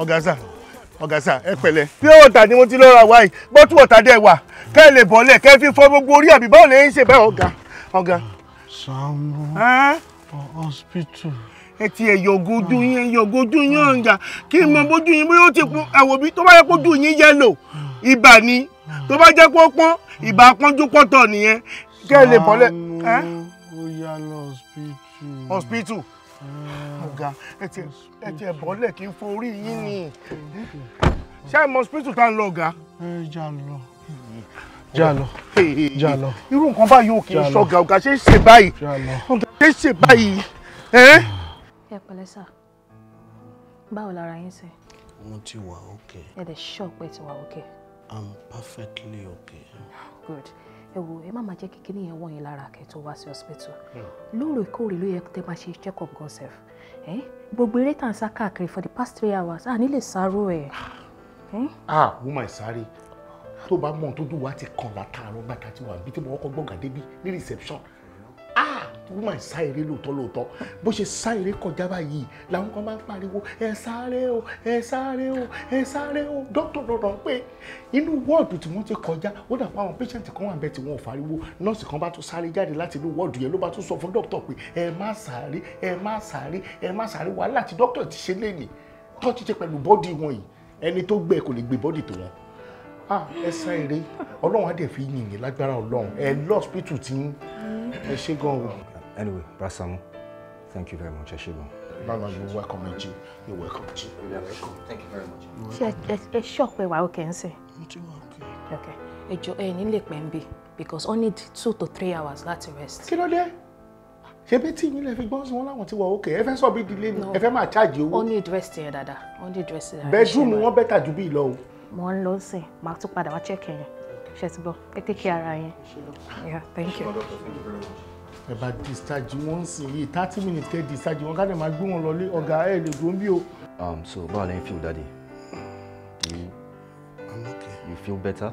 ọ̀gá sà ọ̀gá sà ẹ pẹ̀lẹ́ pure water ni mo ti wa. ra wáyé bọ́tù water dẹ̀ wà kẹ́ ẹ lè bọ́lẹ̀ kẹ́ ẹ fi fọ gbogbo orí àbí báwo lè ń ṣe bẹ́ẹ̀ ọ̀gá ọ̀gá. Sàámú hospital. ẹ ti ẹ̀yọ̀ ogojú yín ẹ̀yọ̀ ogojú yín ọ̀gá kí n mọ bójú yín bóyá ó ti kún ẹ̀wò bí tó bá yẹ kójú yín yẹ́lò ibà ni tó bá jẹ́ kó pọ́n ìbà pọ́njú pọ́tọ̀ nìyẹn kẹ́ ẹ lè bọ́lẹ̀. Sàámú ó yá lọ hospital. hospital gan ẹ ti ẹ bọ́lẹ̀ kí n forí yín ni ah, ṣé ẹ mọ hospital tá ń lọ ga. ẹ jà lọ jà lọ jà lọ. irú nǹkan báyìí ò kì í ṣọ̀gà ọ̀gá ṣe é ṣe báyìí ṣe é ṣe báyìí. ẹ pẹ̀lẹ́ sà báwo lára yín ṣe. mo ti wà okay. ẹ dẹ̀ ṣọ́ pé ti wà okay. I'm perfectly okay. Good ẹ wo ẹ má máa jẹ́ kí kíní yẹn wọ̀nyí lára kẹ́ tó wá sí hospital lóòrèkóòrè ló yẹ tẹ́ máa ṣe check up gan sef Eh? gbogbo eré tàn sá káàkiri for the past three hours a ní lè sáró ẹ. Eh? ah woman sáré tó bá mọ̀ tó dùn wá ti kàn látàárọ̀ gbàgbà tí wà bí tí mo kọ́kọ́ gbọ̀ngàn débi ní reception ah woman sá eré lóòótọ́ lóòótọ́ bó ṣe sá eré kọjá báyìí làwọn kan máa ń pariwo ẹ sáré o ẹ sáré o ẹ sáré o dókítà rọrọ pé inú wọ́ọ̀dù tí wọ́n ti kọjá ó dà pa àwọn patient kan wà bẹ́ẹ̀ tí wọ́n ò fariwo nọ́ọ̀sì kan bá tún sáré jáde láti inú wọ́ọ̀dù yẹn ló bá tún sọ fún dókítà pé ẹ má sáré ẹ má sáré ẹ má sáré wàhálà tí dókítà ti ṣe léènì tó ti ah ẹ sá eré ọlọ́run á dẹ̀ fi yìnyín lágbára ọlọ́run ẹ lọ́ọ̀sìpìtù ti ń ẹ anyway brasamu thank you very much ẹ You're welcome, bàbá You're welcome ẹ jí welcome thank you very much. ṣe ẹ ṣọ́ọ̀pù ẹ̀wà òkè ń sìn. mo ti wà òkè. ẹ jọ ẹ nílé because only two to three hours láti rest. kí ló dé ṣebí tí yín fi gbọ́n sí wọn láwọn ti wà òkè ẹ fẹ́ sọ bí dilé ni ẹ fẹ́ máa ṣáàjì owó. ó ní ìdírẹ́sì yẹn dáadáa ó ní ìdírẹ́sì yẹn. bẹ́ẹ̀ dùn mí wọ́n bẹ́tà ju bí ìlọ o. mo ń lọ sí màá ṣètìbọ̀ ẹ take care ara yín. yeah thank you. ẹ bá discharge wọn sì yìí thirty minutes kẹ́ discharge wọn káde máa gbé wọn lọlé ọ̀gá ẹ̀ lè dúró bí o. Um, so báwo lẹ́yìn feel daddy you I'm okay. you feel better.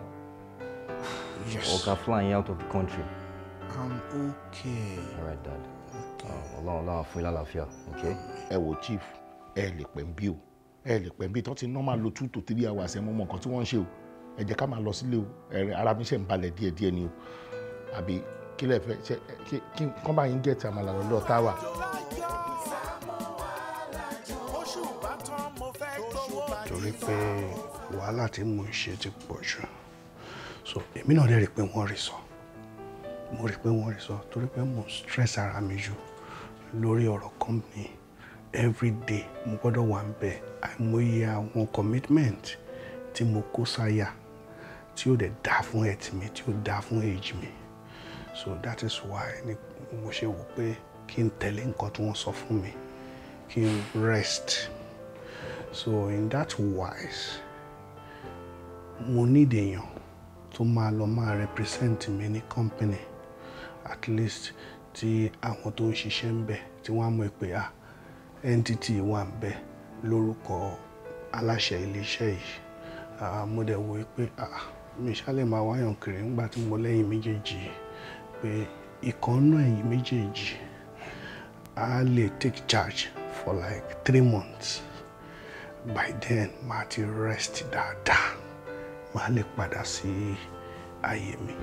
yes ọ̀gá flying out of the country. I'm okay. all right dad um, ọlọ́run ọlọ́run fún ilé àlàáfíà okay. ẹ wo chief ẹ lè pẹ́ ń bí o ẹ lè pẹ́ ń bí tó ti normal lo two to three hours ẹ mọ́ mọ́ nǹkan tí wọ́n ń ṣe o ẹ jẹ́ ká máa lọ sílé o ara mi ṣe ń balẹ̀ díẹ̀díẹ̀ ni o àbí kí lẹ fẹ́ ṣe kí kán bá yín gẹ̀ẹ́tì àmàlà lọ́dọ̀ táwa. torí pé wàhálà tí mò ń ṣe ti pọ̀ jù so èmi náà dẹ̀ rí i pé wọ́n rí sọ mo rí i pé wọ́n rí sọ torí pé mo stress ara mi jù lórí ọ̀rọ̀ company every day mo gbọ́dọ̀ wà ń bẹ̀ àìmọye àwọn commitment tí mo kó sáyà tí ó dẹ̀ dáa fún ẹ̀tì mi tí ó dáa fún èjì mi so that is why ni mo ṣe wò pé kí n tẹ̀lé nǹkan tí wọ́n sọ fún mi kí n rest so in that wise mo need èèyàn tó máa lọ máa represent mi ní company at least tí àwọn tó ń ṣiṣẹ́ ń bẹ̀ tí wọ́n á mọ̀ pé ah entity wà ń bẹ̀ lórúkọ aláṣẹ iléeṣẹ́ yìí ah, mo dẹ̀ wò pé ah mi ṣálẹ̀ máa wáyàn kiri ńgbà tí mo lẹ́yìn méjèèjì pé ìkànnú ẹ̀yìn méjèèjì á lè take charge for like three months by then màá ti rest dáadáa màá lè padà sí ààyè mi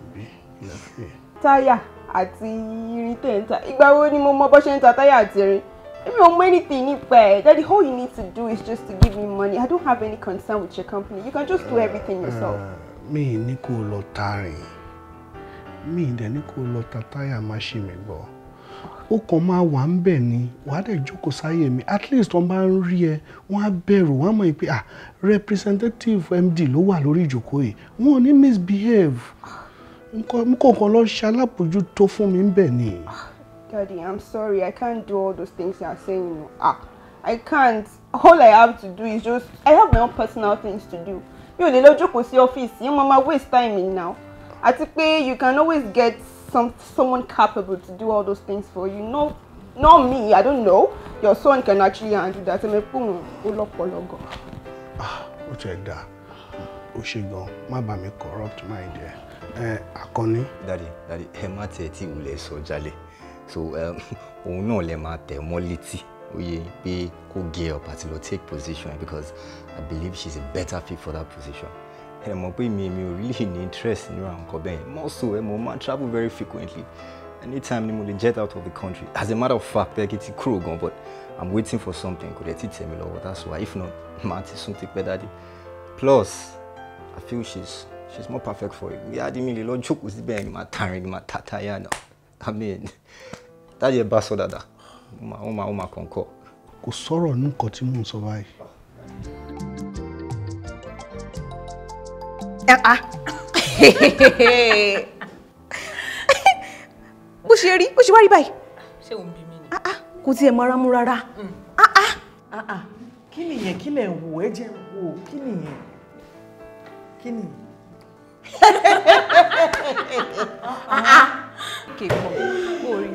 àbí ìlànà. táyà àti irin tẹ̀ ń ta ìgbà wo ni mo mọ bó ṣe ń ta táyà àti irin If you know anything, that the whole you need to do is just to give me money. I don't have any concern with your company. You can just do everything uh, yourself. Mi ní kó lọ tarin. Mi dẹ̀ ní kó lọ ta táyà máṣíìnì gbọ́. Ó kàn máa wà ń bẹ̀ At least wọ́n bá ń rí ẹ, wọ́n á bẹ̀rù, ah representative MD ló wà lórí ìjókòó yìí. Wọ́n misbehave. Nǹkan kan lọ ṣe alábòójútó fún mi ń bẹ̀ Daddy, I'm sorry. I can't do all those things you are saying. You know. Ah, I can't. All I have to do is just. I have my own personal things to do. Mi ò lè lọ jókòó sí ọ́fíìsì. Yín mama waste time in now. Àti pé you can always get some someone capable to do all those things for you. No, not me. I don't know. Your son can actually handle that. Ẹ̀mẹ̀ pòun ó lọ́pọ̀lọ́gọ̀. Ah, ó ti ẹ̀ dà. Ó ṣe gan. Má bàa mi corrupt my dear. Ẹ Akọni. Dadi, dadi, ẹ má tiẹ̀ tí ìwúlẹ̀ sọ jálẹ̀ so eh, òun náà lè máa tẹ̀ mọ́ létí oye pé kó gear up àti lọ take position because I believe she's a better fit for that position ẹ mọ̀ pé mi mi ò really ní interest nínú àwọn nǹkan bẹ́ẹ̀ more so ẹ eh, mọ̀ máa travel very frequently anytime ni mo lè jet out of the country as a matter of fact ẹ kì í ti kúrò gan but i'm waiting for something kò dẹ̀ ti tẹ̀ mí lọ́wọ́ that's why if not màá ti sún ti pẹ́ dáadé plus i feel she's she's more perfect for it bí adimi lè lọ jókòó síbẹ̀ ni màá tàrin ni màá tàtàyà náà amen dáàdì ẹ bá sọ dáadáa ó máa ó máa kọ̀ǹkọ̀. kò sọ̀rọ̀ nǹkan tí mò ń sọ báyìí. ẹ a ah. bó ṣe rí bó ṣe wá rí báyìí. ṣé òun bí mi ni. Ah, ah. kò tiẹ̀ mọ ara mú rárá. Hmm. kí nìyẹn kí lẹ̀ wò ẹ jẹ́ wò kí nìyẹn kí nìyẹn. Okay, kéèkó orí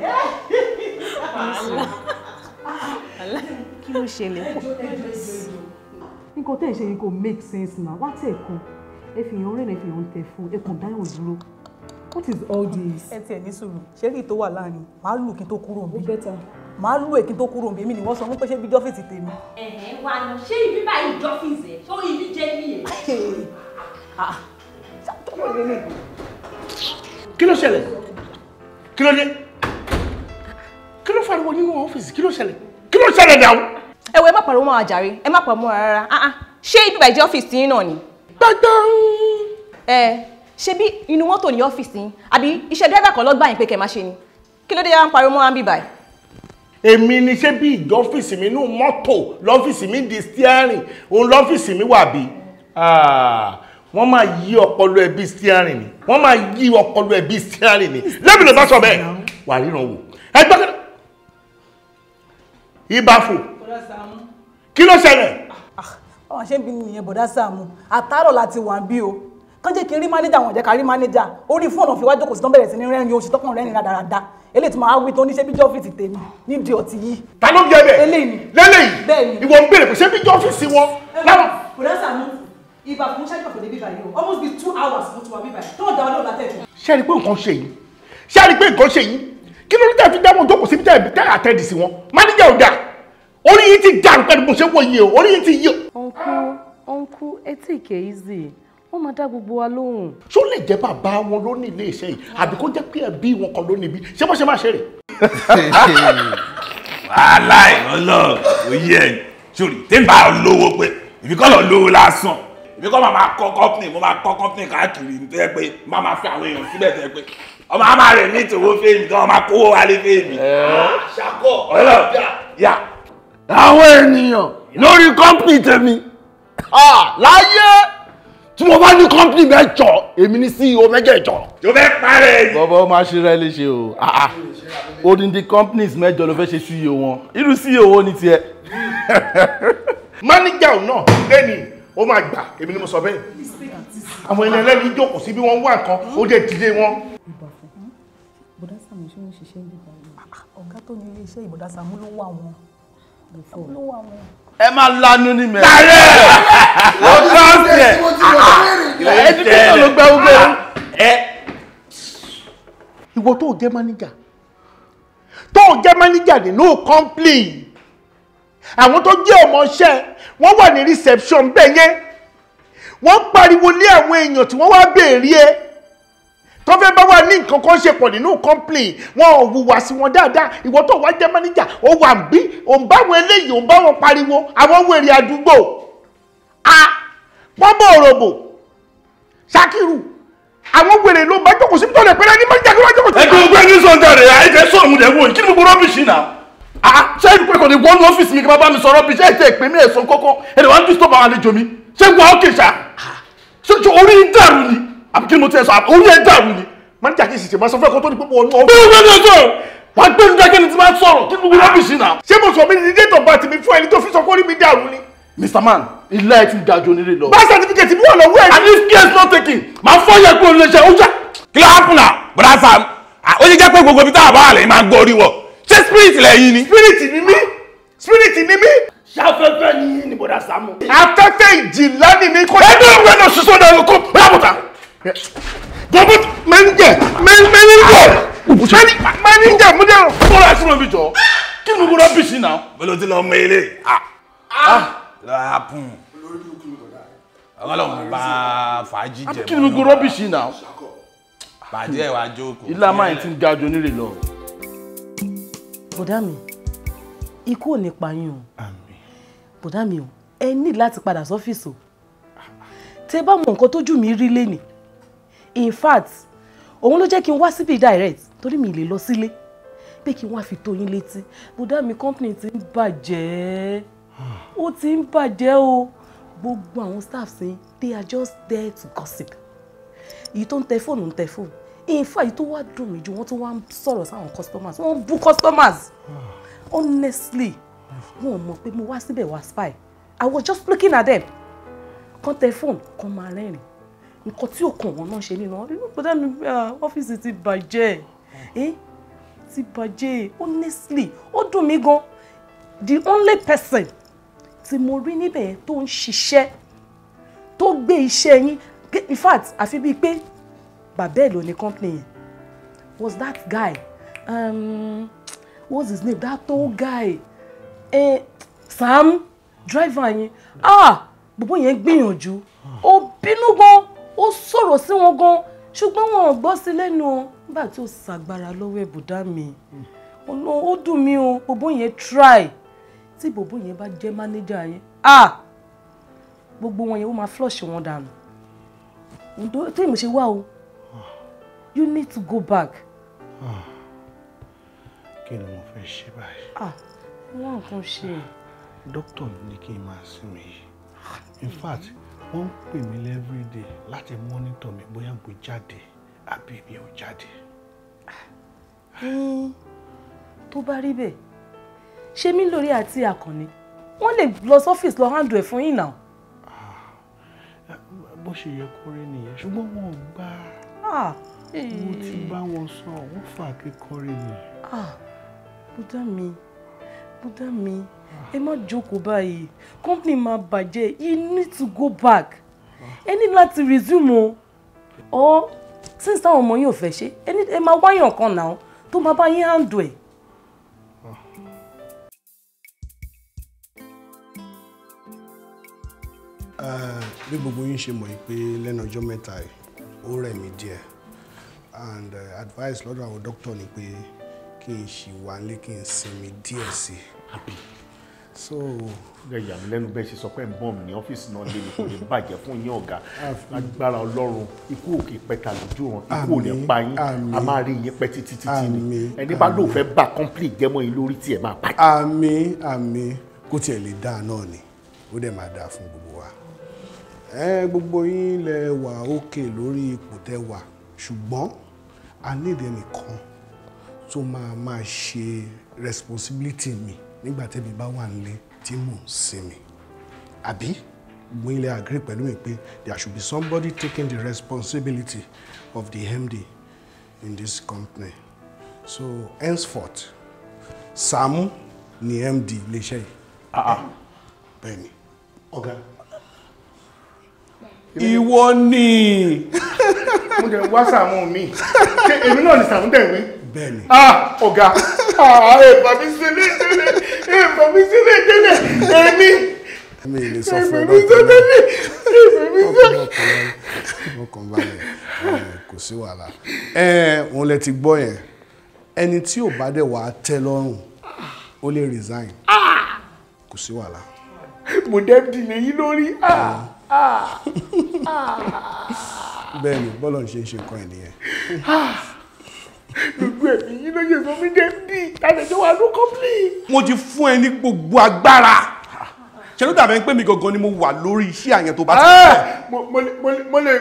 kí ló ṣẹlẹ̀ pọ̀ nǹkan tẹ́ ẹ̀ ṣe yìí kò make sense na wá tẹ̀ kan ẹ fi hàn rẹ̀ ẹ fi hàn tẹ̀ fún ẹ kàn dáhùn dúró what is all this. ẹ tiẹ̀ ní sùúrù ṣé kí n tó wà láàrin màá lù kí n tó kúrò níbí. ó bẹ́tà màá lù èkí tó kúrò mi ni wọ́n sọ wípé ṣé bí dọ́fíìsì tèmi. ẹ̀hẹ̀ wa ni ṣé ibi báyìí dọ́fíìsì ẹ̀ sórí ibi jẹ́ ní ẹ̀. Ah kí ló ṣẹlẹ̀ kí ló dé kí ló fariwo nínú ọ́fíìsì kí ló ṣẹlẹ̀ kí ló ṣẹlẹ̀ dàrú. ẹ wo ẹ má pariwo mọ́ àjàre ẹ má pariwo mọ́ rárá ah, ah. ṣé ibi ìbàjẹ́ ọ́fíìsì yín náà ni. dandan. ẹ ṣe bí inú mọ́tò ní ọ́fíìsì yín àbí iṣẹ́ dẹ́gbà kan lọ́gbà yín pé kẹ́ máa ṣe ni kí ló dé yàrá ń pariwo mọ́ àbí báyìí èmi ni ṣé bí ìjọ ọ́fíìsì mi nú mọ́tò lọ́fíìsì mi di steering òun lọ́fíìsì mi wà bí ah, wọ́n máa yí ọpọlọ ẹ bíi steering ni wọ́n máa yí ọpọlọ ẹ bíi steering ni lẹ́mìí ló bá sọ bẹ́ẹ̀ wà ríran wò ẹgbẹ́ kan ibafo kí ló ṣẹlẹ̀. ọ̀hún ṣé bí nìyẹn bọ̀dá Sàámú àtàrọ̀ láti wà bí o kán jẹ́ kí n rí mánéjà wọn jẹ́ ká rí mánéjà orí fóònù fi wájú kò sí tán bẹ̀rẹ̀ sí ní rẹ́rìn oṣù tọkàn rẹ́rìn rádaràda eléyìí tí màá wí tó níṣẹ́ bíjọ́ ọ́fíìsì tèmi nídìí ọtí yìí. ta ló ń jẹ bẹ́ẹ̀ lélẹyìn lélẹyìn ìwọ ń bèrè kò ṣe bíjọ́ ọ́fíìsì wọn. ẹ bá kò dá Sàámú ibà kò ń ṣáájú àpò níbí báyìí o almost be two hours mo ti wà bíbáyìí tó ọ̀dà ọlọ́ọ̀lá tẹ̀kọ̀. ṣé ẹ rí pé nǹkan ṣe yín ṣé ẹ rí pé nǹkan ṣe yín kí ló ní tẹ́ fi dá wọn jókòó síbi tẹ́ àtẹ́dì sí wọn máníjà ò dà orí yìí ti dàrú pẹ̀lú bó ṣe wọ iye o orí yìí ti yé. ọ̀nkú ọ̀nkú etí ìkẹ́ easy wọ́n máa dá gbogbo wa lóhùn. ṣó lè jẹ́ bàbá wọn ló ní ilé iṣẹ́ yìí àbí kó jẹ́ pé ẹbí wọn kan ló níbi ṣé bó ṣe máa ṣe rè. wàhálà ìrọ̀lọ́ òye ẹ̀ sórí tẹ́ǹbà lówó pé ìbíkọ́ lówó lásán èmi kọ́ màmá kọ́ kọ́pìnì mo máa kọ́ kọ́pìnì káàkiri tó yẹ pé má máa fi àwọn èèyàn síbẹ̀ tó yẹ pé ọmọ àmà rẹ̀ ní ìtòwó fèmí tó ọmọ akówó wálé fèmí. ṣàkó ọlọ́ọ̀dà yà. àwọn ènìyàn lórí kọ́pìnì tèmi láyé tí mo bá ní kọ́pìnì mẹ́jọ èmi ní CEO mẹ́jẹ̀jọ. tó fẹ́ parẹ́ yìí. bọ́bọ́ máa ṣe rẹ léṣe o odindi companies mẹ́jọ ló fẹ́ ṣe CEO wọn irú CEO wo ni tiẹ̀. mánìjà náà gbé ni ó máa gbà èmi ni mo sọ bẹ́ẹ̀ àwọn ẹni ẹlẹ́ni jókòó sí bí wọ́n wà nǹkan ó dẹ̀ dìde wọn. bùdá Sàámú ṣé wọ́n ṣiṣẹ́ ń bíbá yìí ọ̀gá tó ní iléeṣẹ́ ìbùdá Sàámú ló wà wọn ló wà wọn. ẹ máa lanu ní mẹ́rin. tààrẹ ọ̀gá ọ̀sẹ̀ ẹdínwó ló gbẹ gbẹ ẹ. ìwọ tó jẹ́ máníjà tó jẹ́ máníjà ni no complain àwọn tó jẹ́ ọmọọṣẹ́ wọ́n wà ní reception bẹ́ẹ̀ yẹn wọ́n pariwo lé àwọn èèyàn tí wọ́n wá béèrè ẹ tó fẹ́ bá wà ní nǹkan kan ṣe pọ̀ nínú complain wọn ò hùwà sí wọn dáadáa ìwọ tó wá jẹ́ máníjà ó wà ń bí òun bá wọn eléyìí òun bá wọn pariwo àwọn wèrè àdúgbò a pọ́nbọ̀ òròbò ṣakiru àwọn wèrè ló bá jókòó sí tọ́lẹ̀ pẹ́lẹ́ ní máníjà kí wọ́n jókòó sí. ẹ kí n gbé ní sọ̀ndà rẹ̀ àìkẹ́ sọ̀mù dẹ̀ wò kí ni gbogbo rọ́bìṣì náà. Ah, ah, ṣé ẹni pé kò ní wọ́n ní ọ́fíìsì mi kí bá bá mi sọ̀rọ̀ bí ṣé ètò ìpè mí ẹ̀sùn kọ́kọ́ ẹni wàá ń dùn sọ́ba àlejò mi ṣé wọ́n ó kèṣà ṣé orí ń dàrú ni àbí kí ni mo ti ẹ̀ sọ orí ẹ̀ dàrú ni manager kì í ṣèṣe máa sọ fún ẹ̀kọ́ tó ní pípọ̀ ọ̀nà ọ̀gbìn. bẹ́ẹ̀ bẹ́ẹ̀ sọ̀rọ̀ wàá gbé nígbà kí ni ti máa sọ̀rọ̀ kí ni mo rọ́bì náà. ṣé mo sọ mi ní date of birth mi fún ẹni tó fi sọ pé orí mi dàrú ni. Mr. Man ilé ẹ ti ga ju onílé lọ. birth certificate mi wà lọ́wọ́ ẹ̀. and if case not taking. máa fọ́ yẹ kó lè ṣe ó jà. kí ló hàn fún náà bùrọ̀ sàm ah, ó ti jẹ́ pé gbogbo ibi tá a bá wà lẹ́yìn máa gbọ́ orí wọ̀ ṣé spirit lẹ́yìn ni. spirit ni mí spirit ni mí. ṣàfẹ́fẹ́ ni yín ni bọ̀dá Sàámú. afẹ́fẹ́ ìjìlá ni mi kò. ẹgbẹ́ ìwé náà ṣiṣọ́ náà ló kó lábùtà. gbọ́dọ̀ mẹ́nìjẹ̀ mẹ́nìjẹ̀ mẹ́nìjẹ̀ múdẹ̀ rọ̀. bọ́lá ẹ̀sùn mi jọ kí ni mo rọ bìsì náà. bẹ́ẹ̀ ló ti lọ mọ ilé. Ah. Ah. láàpùn. ọlọ́run bá fàájì jẹ. kí ni mo rọ bìsì náà. bàjẹ́ wàá jókòó. ilá máa ń ti ga jù onírè lọ bọ̀dá mi ikú ò ní pa yín o àmín bọ̀dá mi o ẹ ní láti padà sọ́fíìsì o tẹ bá mọ nǹkan tójú mi rí lénìí in fact òun ló jẹ́ kí n wá síbi direct torí mi lè lọ sílé pé kí n wá fi tó yín létí bọ̀dá mi company ti ń bàjẹ́ ah. ó ti ń bàjẹ́ o gbogbo àwọn staff sí they are just there to gossip èyí tó ń tẹ fóònù ń tẹ fóònù in fact tó wá dùn mí ju wọ́n tó wá ń sọ̀rọ̀ sáwọn customers wọ́n ń bú customers ah. honestly wọn ò mọ̀ pé mo wá síbẹ̀ wá spy I was just looking at them kan tẹ fóònù kan máa rẹ́rìn nǹkan tí òkun wọn náà ṣe nínú wọn nínú pẹ̀lú ẹnu ọ́fíìsì ti bàjẹ́ ah. eh? ti bàjẹ́ honestly ó dùn mí gan the only person tí mo rí níbẹ̀ tó ń ṣiṣẹ́ tó gbé iṣẹ́ yín in fact àfi bíi pé But ẹ̀ ló ní company yẹn was that guy um, what's his name that tall guy eh, Sam driver yẹn ah gbogbo yẹn gbìyànjú ó bínú gan ó sọ̀rọ̀ sí wọn gan ṣùgbọ́n wọn ò gbọ́ sí lẹ́nu o nígbà tí ó ṣàgbára lọ́wọ́ ẹ̀bùdá mi ọ̀nà ó dùn mí o gbogbo yẹn try tí gbogbo yẹn bá jẹ́ manager. yẹn ah gbogbo wọn yẹn ó máa flush wọn dànù tí mo ṣe wá o you need to go back. Ah. kí ni mo fẹ́ ṣe báyìí. Ah, wọ́n nǹkan ṣe. dókítà mi ní kí n máa sinmi yìí in fact wọ́n ń pè mí every day láti mọ́nítọ̀ mi bóyá mo jáde àbí mi ò jáde. tó bá rí bẹ́ẹ̀ ṣe mí lórí àti àkànní wọ́n lè lọ sọ́fíìsì lọ handle ẹ̀ fún yín náà. Ah, bó ṣe yẹ kó rí nìyẹn ṣùgbọ́n wọn ò gbà mo ti eh. bá wọn sọ wọn fà kékeré mi. Ah, bùdá mi bùdá mi ah. ẹ má jókòó báyìí company máa bàjẹ́ you need to go back ah. ẹ ní láti resume o or since táwọn ọmọ yín ò fẹ́ ṣe ẹ máa wáyàn kan náà tó máa bá yín handle ẹ̀. Eh, bí gbogbo yín ṣe mọ̀ yìí pé lẹ́nu ọjọ́ mẹ́ta yìí ó rẹ̀ mí díẹ̀ and uh, advice lọ́dọ̀ àwọn dókítà ni pé kí n ṣì wà nílé kí n sinmi díẹ̀ sí i. so. ẹ yà mí lẹ́nu bẹ́ẹ̀ ṣe sọ pé bọ́ọ̀mù ní ọ́fíìsì náà lè kò lè bàjẹ́ fún yín ọ̀gá agbára ọlọ́run ikú òkè pẹ̀ta lójú ọ̀run ikú ò lè pa yín a máa rí yín pẹ́ títí títí ni ẹni bá lóò fẹ́ bá complete jẹ́mọ́ yín lórí tí ẹ máa pàdé. àmín àmín kó tiẹ̀ lè dáa náà ni ó dẹ̀ máa dáa fún gbogbo wa gbogbo yín lẹ wà òkè lórí ipò tẹ wà ṣùgbọ́n I need ẹnìkan tó máa máa ṣe responsibility mi nígbà tẹ́mi bá wà nílé tí mò ń sinmi àbí mo ilẹ̀ agree pẹ̀lú mi pé there should be somebody taking the responsibility of the MD in this company so henceforth Sàámú ni MD iléeṣẹ́ ah, ah. bẹ́ẹ̀ ni ọ̀gá. ìwọ ni mo dẹ̀ wá sàmú mi ṣé èmi náà ni sàmú dẹ̀ wí. bẹ́ẹ̀ni. ah ọ̀gá ah èèpà mi sílẹ̀ délé èèpà mi sílẹ̀ délé èmi. mi ì lè sọ fún ẹ náà tẹ́lẹ̀ èèpà mi sílẹ̀. ọkàn balẹ̀ kò sí wàhálà. ẹ òun lẹ ti gbọ́ yẹn ẹni tí ò bá dẹ̀ wá tẹ́ lọ́rùn ó lè resign kò sí wàhálà. mo dẹ́bi lè yí lórí. ah ah ah bẹ́ẹ̀ ni bọ́lọ̀ ń ṣe ń ṣe nǹkan ènìyàn. gbogbo ẹ̀mí yìí ló yẹ sọ mí dé bí àlejò wa ló kọ́pìlì. mo ti fún ẹ ní gbogbo agbára ṣe ló dàbẹ̀ ń pè mí gangan ni mo wà lórí iṣẹ́ àyẹn tó bá ti pọ̀. Eh! mo lè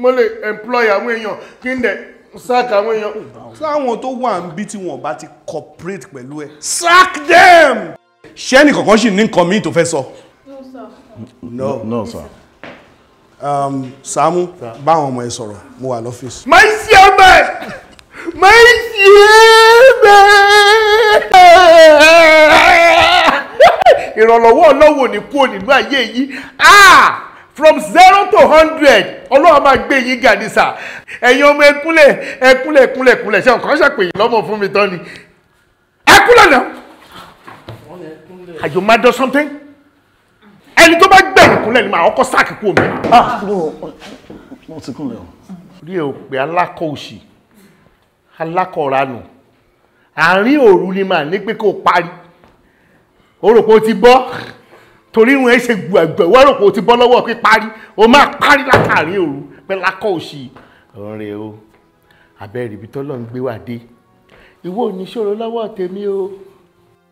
mo lè employ àwọn èèyàn kí n dẹ̀ sack àwọn èèyàn. sáwọn tó wà ń bí tí wọn bá ti cooperate pẹ̀lú ẹ sack them. ṣé ẹnì kankan sì ní nǹkan míì tó fẹ́ sọ. no sir. no no sir. Um, Samu, báwọn ọmọ ẹ sọ̀rọ̀ mo wà lọ́fíìsì. máa ń ṣe ọmọ ẹ máa ń ṣe é ìrànlọ́wọ́ ọlọ́wọ́ ní kúrò nínú ayé yìí ah! from zero to hundred ọlọ́run máa gbé yín ga ní sà ẹ̀yin ọmọ ẹkúnlẹ̀ ẹkúnlẹ̀ ẹkúnlẹ̀ ẹkúnlẹ̀ ṣé nǹkan ṣàpè yín lọ́mọ fún mi tán ni ẹkúnlẹ̀ náà are you mad or something ẹni tó bá gbẹ̀rù kúnlẹ̀ ni màá kọ́ sáàkì kú omi. mo ti kúnlẹ̀ o. rí o pé alákọ̀ òsì alákọ̀ ranù àárín òru ni màá ní pé kó o parí o rò pé o ti bọ́ torí irun ẹ ṣe gbùgbẹ̀ wọ́n rò pé o ti bọ́ lọ́wọ́ pé parí o máa parí látàrin òru pé lákọ̀ òsì ọ̀rẹ́ o abẹ́rẹ́ ibi tọ́lọ́ ń gbé wá dé ìwọ ò ní ṣòro lọ́wọ́ tèmi o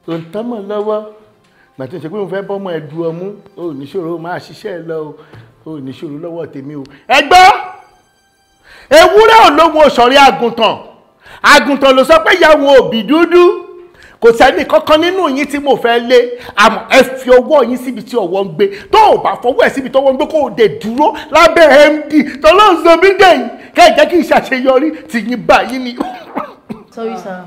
òǹtọ́mọ̀ lọ́wọ́ gbàtí ṣe pé mo fẹ́ bọ́mọ ẹ̀dù ọmú o ò níṣòro máa ṣiṣẹ́ lọ o ò níṣòro lọ́wọ́ tèmi o. ẹ gbọ́ ewúrẹ́ olóhùn òṣòrí àgùntàn àgùntàn ló sọ pé ìyàwó òbí dúdú kò sẹ́ni kankan nínú yín tí mo fẹ́ lé àmọ́ ẹ fi ọwọ́ yín síbi tí ọwọ́ ń gbé tó o bá fọwọ́ ẹ̀ síbi tí ń gbé kó o dé dúró lábẹ́ md tọ́lọ́sọ mi dẹ̀yìn kẹ́ ẹ̀ jẹ́ kí n ṣàṣeyọrí tì yín báyìí ni. sorry sir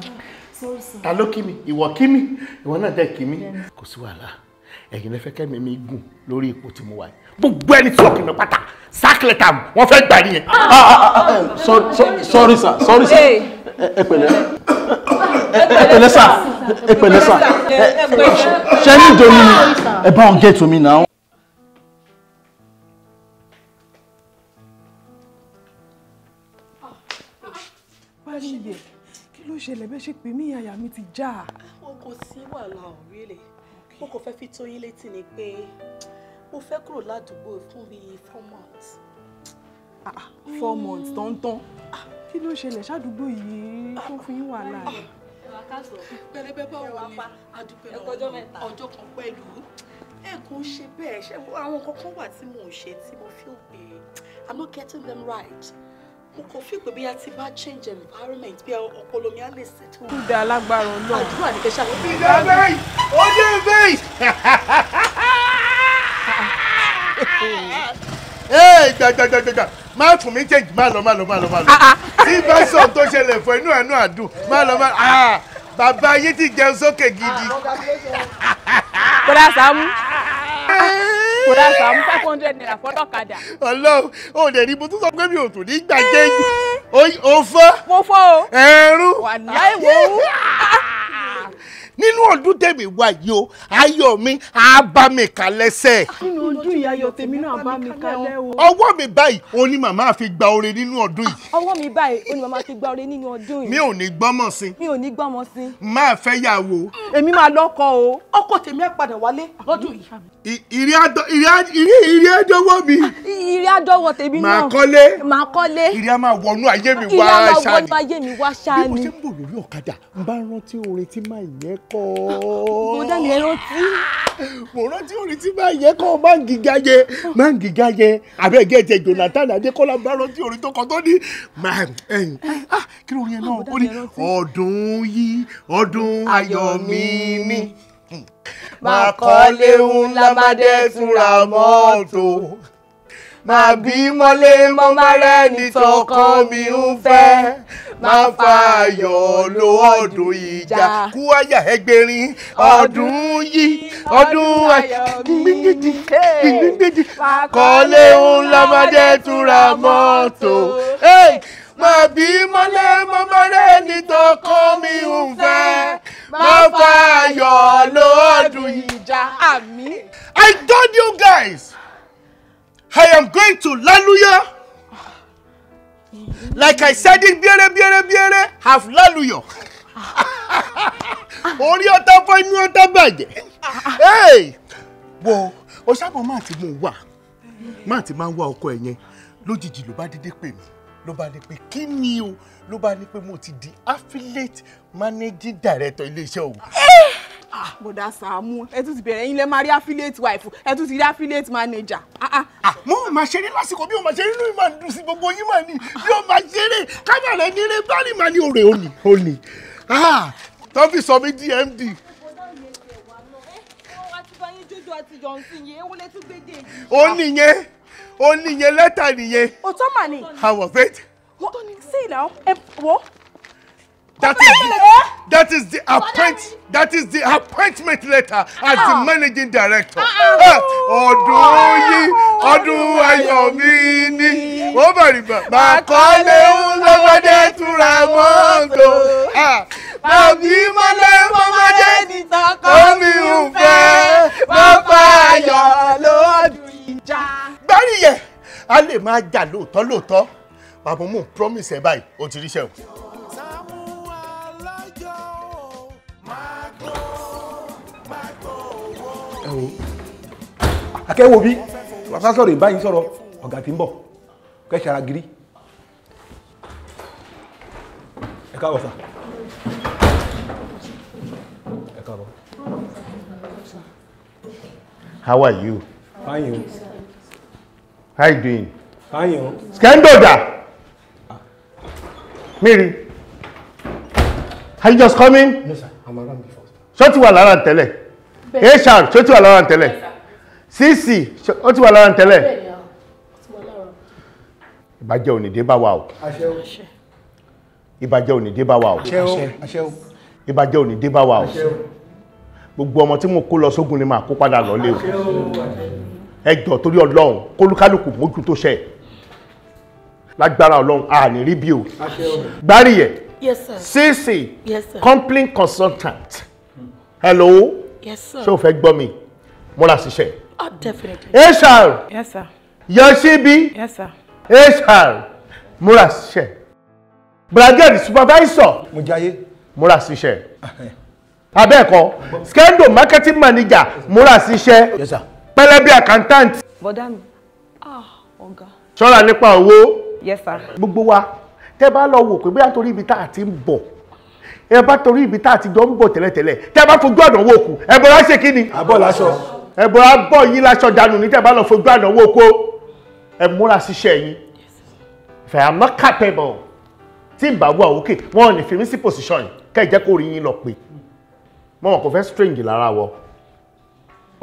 ta ló kí mi ìwọ kí mi ìwọ náà dẹ̀ kí mi kò sí wàhálà ẹ̀yin lẹ́fẹ́ kẹ́mi mi gùn lórí ipò tí mo wà yìí gbogbo ẹni tí ọkùnrin pátá sáàkìlẹ̀ tààmù wọ́n fẹ́ gbà nìyẹn. Ah. Ah, ah, eh, sorry sir sorry sir ẹ eh, eh, pẹ̀lẹ́ ẹ pẹ̀lẹ́ sir ẹ pẹ̀lẹ́ sir ṣe ní ìdòní ni ẹ bá wọn get to me now. Paris ṣẹlẹ̀ bẹ́ẹ̀ ṣe pè mí àyà mi ti já. wọn kò sí wàhálà òrèlè mo kò fẹ́ fi tó yín létí ni pé mo fẹ́ kúrò ládùúgbò fún bíi four months. Ah, ah, four months tọ́ntọ́n ah, kí ló ṣẹlẹ̀ ṣàdúgbò yìí tó fún yín wàhálà rẹ̀. pẹlẹbẹ báwo ni adúpẹ́ náà ọjọ́ kan pẹ̀lú ẹ kò ṣe bẹ́ẹ̀ ṣe àwọn kankan wà tí mò ṣe tí mo feel pé i'm not getting them right mo kàn fi pé bí a ti bá change environment bí ọpọlọ mi á lè settle. ó da alágbára náà. àdúrà ní kẹsàn-án. ó ti dá bẹ́ẹ̀ ó dé bẹ́ẹ̀. ee gbàgbàgbàgbà má fún mi change má lọ má lọ má lọ má lọ ah, ah. tí bá sọ tó ṣẹlẹ̀ fún inú àánú àdùn má lọ má lọ ah, bàbá yìí ti jẹun sókè gidi. bọ́dà Sàámú kò ra sàmú five hundred naira fọ́dọ̀kadà. ọlọ́run ò lè rí mo tún sọ pé mi ò tún ní gbàjẹ́ yìí o mo fọ́ o. ẹ̀rú. wà ní nínú ọdún tèmi wá yìí o ayọ̀ mi á bá mi kalẹ̀ sẹ́. nínú ọdún yìí ayọ̀ tèmi náà bá mi kalẹ̀ o. ọwọ́ mi báyìí o ní màmá fi gba oore nínú ọdún yìí. ọwọ́ mi báyìí o ní màmá fi gba oore nínú ọdún yìí. mi ò ní gbọ́mọ̀ sí. mi ò ní gbọ́mọ̀ sí. máa fẹ́ yàwó. èmi máa lọ́kọ o ọkọ tèmi ẹ padà wálé lọ́dún yìí ìrí àdọ́wọ́ mi. ìrí àdọ́wọ́ tèmi náà. màá kọ́lé. màá kọ́lé. ìrí a máa wọnú ayé mi wá ṣáni. ìrí a máa wọnú ayé mi wá ṣáni. bí mo ṣe ń bò lórí ọ̀kadà n bá rántí orin tí máa yẹ kọ́. mo dání ẹ rántí. mo rántí orin tí máa yẹ kọ́ máa ń gíga yẹ máa ń gíga yẹ abẹ́gẹ́ jẹ Jonathan Adékọ́lá bá rántí orin tó kọ́ tó ní. Ah, kí ló rí ẹ náà ó ní ọdún yìí ọdún ayọ̀ mi ni máa kọ́ léhun lámádé túnra mọ́tò máa bí mọ́lé mọ́márẹ́ nítọ́kọ́ mi ń fẹ́ máa fa ayọ̀ lo ọdún ìjà kú àyà ẹgbẹ̀rin ọdún yìí ọdún àyàgbìngbìngbìngbì kọ́lé òun lọ́mọdé túnra mọ́tò mà bí mọ́lẹ́ mọ́mọ́rẹ́ ní tọkàn mi ń fẹ́ má fààyọ̀ lọ́ọ̀dún ìjà àmì. I told you guys I am going to Laluya like I said it biere biere biere have Laluya orí ọ̀tá fọ inú ọ̀tá bàjẹ́ wo ọ̀sàbọ̀ máa ti mú un wà máa ti máa ń wá ọkọ ẹ̀ yẹn lójijì ló bá dédé pè mí ló bá ní pé kí ni o ló bá ní pé mo ti di affiliate managing director iléeṣẹ́ o. bọ̀dà ah, ah, Sàámú ẹ tún ti bẹ̀rẹ̀ yín lẹ́ máa rí affiliate wife ẹ tún ti rí affiliate manager. Ah, mo ò máa ṣeré lásìkò bí o máa ṣeré inú mi máa ń dùn sí gbogbo yín máa ní bí o máa ṣeré kábàlẹ̀ ní eré bá ní màá ní òrè òní òní tó fi sọ mí DMD ó nìyẹn ó níyẹn lẹ́tà nìyẹn. òótọ́ mà ni. how was it. see now ẹ wo. that is the that is the appoint that is the appointment letter as the ah. managing director. Ah, ah. ọdún yìí ọdún ayọ̀ mi ni ó bẹ̀rẹ̀ bàbá kọ́lé ńlọ́mọdé túra mọ́tò bàbí mọ́lẹ́ fọmọdé nìtàn kọ́ mi ń fẹ́ bàbá ayọ̀ lọ́dún adìyẹ a lè máa jà lóòótọ́ lóòótọ́ bàbá mò ń promise ẹ báyìí o ti ríṣẹ́ o. ẹ wo akẹ́wò bí wàá sọ̀rọ̀ ìbáyìí sọ̀rọ̀ ọ̀gá tí ń bọ̀ kẹ́sì ara gírí ẹ káàbọ̀ sà How are you? Fine. How you doing? Fine. Skendoda! Miri, are you just coming? No, sir. I'm around before. Ṣó ti wà lára tẹ́lẹ̀? HR, ṣó ti wà lára tẹ́lẹ̀? CC, ó ti wà lára tẹ́lẹ̀? Ìbàjẹ́ ò ní dé bá wa o. Ìbàjẹ́ ò ní dé bá wa o. Ìbàjẹ́ ò ní dé wa o. Gbogbo ọmọ tí mo kó lọ sógun ni màá kó padà lọ lé o ẹjọ́ torí ọlọ́run kólúkálùkù mójú tó ṣe lágbára ọlọ́run a ní rí bí o Gbáríyẹ̀ cc complaint consultant hello ṣé o fẹ́ gbọ́ mi múra ṣiṣẹ́ hr yọ̀ṣíbí hr múra ṣiṣẹ́ bragade supervisor Mùjáyé múra ṣiṣẹ́ abẹ́ẹ̀kọ́ skendo marketing manager múra ṣiṣẹ́. Yes, sir pẹ́lẹ́ bí accountant. bọ́dá mi ah ọ̀gá. ṣọ́ra nípa owó. yes sir. gbogbo wa tẹ́ bá lọ wò pé bóyá torí ibi tá a ti ń bọ̀ ẹ bá torí ibi tá a ti jọ ń bọ̀ tẹ́lẹ̀tẹ́lẹ̀ tẹ́ bá fojú ọ̀nà wò kù ẹ bọ̀rọ̀ ṣe kí ni. àbọ̀ láṣọ. ẹ bọ̀rọ̀ bọ̀ yín láṣọ dànù ní tẹ́ bá lọ fojú ọ̀nà wò kó ẹ múra síṣẹ́ yín. if I am not capable tí n bá wà òkè wọn ò ní fi mí sí position kẹ́ ẹ jẹ́ kó rí yín lọ pé mo mọ̀ kò fẹ́ strange lára wọ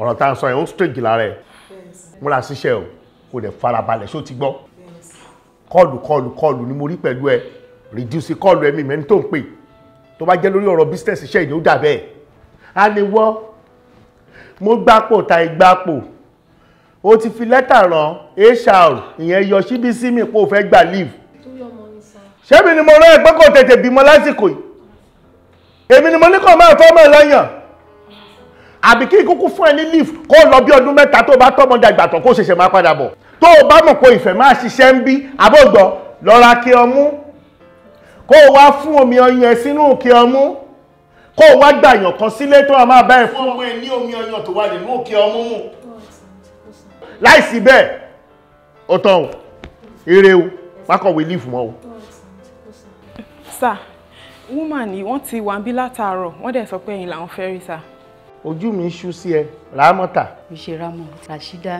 ọ̀rọ̀ tá à ń sọ yẹn ó stage lára ẹ̀ múra síṣẹ́ o kò dẹ̀ farabalẹ̀ ṣó ti gbọ́ kọ́ọ̀lù kọ́ọ̀lù kọ́ọ̀lù ni mo rí pẹ̀lú ẹ reduce kọ́ọ̀lù ẹ̀mí mẹ́ni tó ń pè tó bá jẹ́ lórí ọ̀rọ̀ business iṣẹ́ ìdí ó dà bẹ́ẹ̀ á ní wọ́ mo gbápò ta ìgbápò o ti fi lẹ́tà rán hr ìyẹn yọ síbí sí mi pé o fẹ́ gbà leave ṣé ni mo rán ẹgbẹ́ kò tètè bímọ lásìkò yìí èmi ni mo ní kàn máa fọ́ mọ́ ẹ lọ́yàn àbí kí kúkú fún ẹ ní leave kó lọ bí ọdún mẹ́ta tó bá tọ́mọdé àgbà tán kó ṣẹ̀ṣẹ̀ máa padà bọ̀ tó o bá mọ̀ pé ìfẹ́ máa ṣiṣẹ́ ń bí abóògbọ́ lọ́ra kí ọmú kó o wá fún omi ọyàn sínú kí ọmú kó o wá gbàyàn kan sílé tó a máa bá ẹ fún ọmọ ẹ ní omi ọyàn tó wà nínú kí ọmú mu láìsí bẹ́ẹ̀ ó tán o eré o pákọ̀wé leave mọ́ o. sir woman ni wọ́n ti wà ń bí látàárọ̀ wọ́n dẹ̀ sọ pé ẹ̀yin làwọn fẹ́ rí sir ojú mi ṣú sí ẹ rámọ́tà. mi ṣe rámọ́ ràṣídá.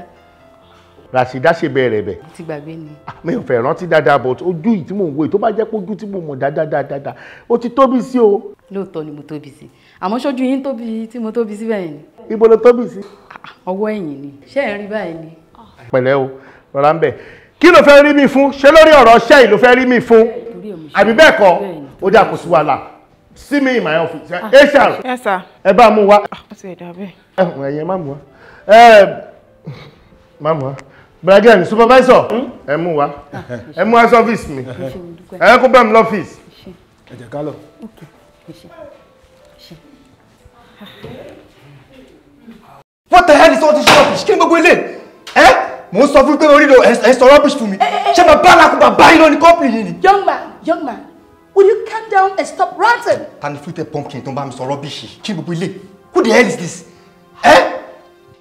ràṣídá ṣe bẹ̀rẹ̀ bẹ̀. mo ti gbàgbé ni. Ah, mi ò fẹ́ rántí dáadáa but ojú yìí tí mò ń wo yìí tó bá jẹ́ pé ojú tí mo mọ̀ dáadáa dáadáa o ti tóbi sí o. lóòótọ́ ni mo tóbi sí àmọ́ sójú yín tóbi tí mo tóbi sí bẹ́ẹ̀ ni. ibo ló tóbi sí. Ah, ọwọ́ ẹ̀yìn ni ṣé ẹ̀ ń rí báyìí ni. pẹ̀lẹ́ o rọra ń bẹ̀ kí ló fẹ́ rí mi fún ṣé lórí ọ̀rọ̀ ṣẹ́ see me in my office. Ah. Hey, sir. Yes, sir. Ẹ bá mú wá. Ah, Ẹ̀yin má mú wá. Má mú wá. But again, supervisor. Hmm? Ẹ mú wá. Ah. Ẹ mú wá sí ọ́fíìsì mi. Ẹ kó bẹ́ẹ̀ mi lọ́fíìsì. Ẹ jẹ́ Okay. lọ. What the hell is all this rubbish? Kí ni gbogbo Eh? Most of you sọ already. pé orí ẹ̀ sọ rubbish fún mi. Ṣé bàbá alákùnbà báyìí lọ ní kọ́pìnì yìí ni? Young man, young man. Will you calm down and stop ranting? Tan fluted pumpkin tó ń bá mi sọ rọ́bìṣì. Kí Who the hell is this? Eh?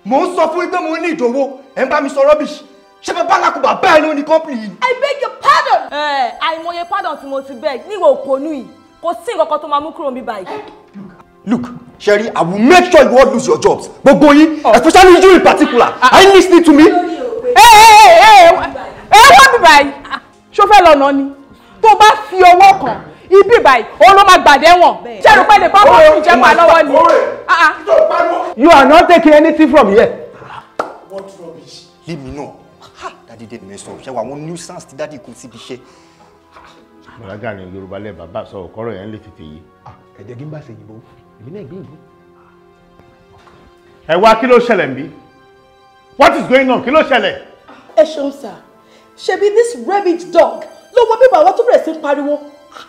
Mo ń sọ fún mo ni ìdòwò ẹ̀ ń bá mi sọ rọ́bìṣì. Ṣé bàbá alákùnbà bẹ́ẹ̀ ló ní kọ́ńpì yìí? I beg your pardon. Eh? I mo àìmọye pardon tí mo ti beg ní ìwé òpònú yìí. Kò sí nǹkan kan tó máa mú kúrò mi báyìí. Look, Sherry, I will make sure you all lose your jobs. Gbogbo yín, oh. especially you in particular. Ah. Are you listening to me? Hey, hey, hey, hey. Eh, what báyìí. Ah. Ṣo fẹ́ lọ nà ni? Tó o fi ọwọ́ kàn ibi báyìí òun ló máa gbàdé wọn ṣé rò pé lè bá wọn fún ìjẹun Ah ah. you are not taking anything from here. what rubbish. lèmi náà dádì dé mi sọ ṣe wà àwọn nuisance tí dádì kú síbi iṣẹ́. bàlágà ni yorùbá lẹ bàbá sọ ọkọrọ yẹn lè tètè yé. Ah, ẹ̀jẹ̀ kí n bá ṣe yìnbó èmi náà gbé ìbò. ẹ wá kí ló ṣẹlẹ̀ ń what is going on kilo ló ṣẹlẹ̀. show, ṣeun sir ṣebí this rabid dog ló wọ bíbá wa tó bẹ̀rẹ̀ sí pariwo